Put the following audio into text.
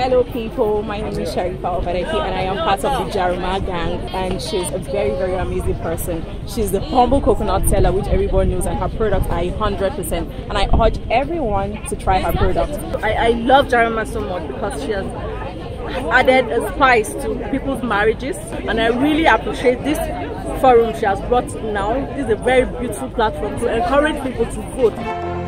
Hello people, my name is Sharifa Ovareki and I am part of the Jaruma gang and she's a very very amazing person. She's the humble coconut seller which everyone knows and her products are 100% and I urge everyone to try her products. I, I love Jaruma so much because she has added a spice to people's marriages and I really appreciate this forum she has brought now. This is a very beautiful platform to encourage people to vote.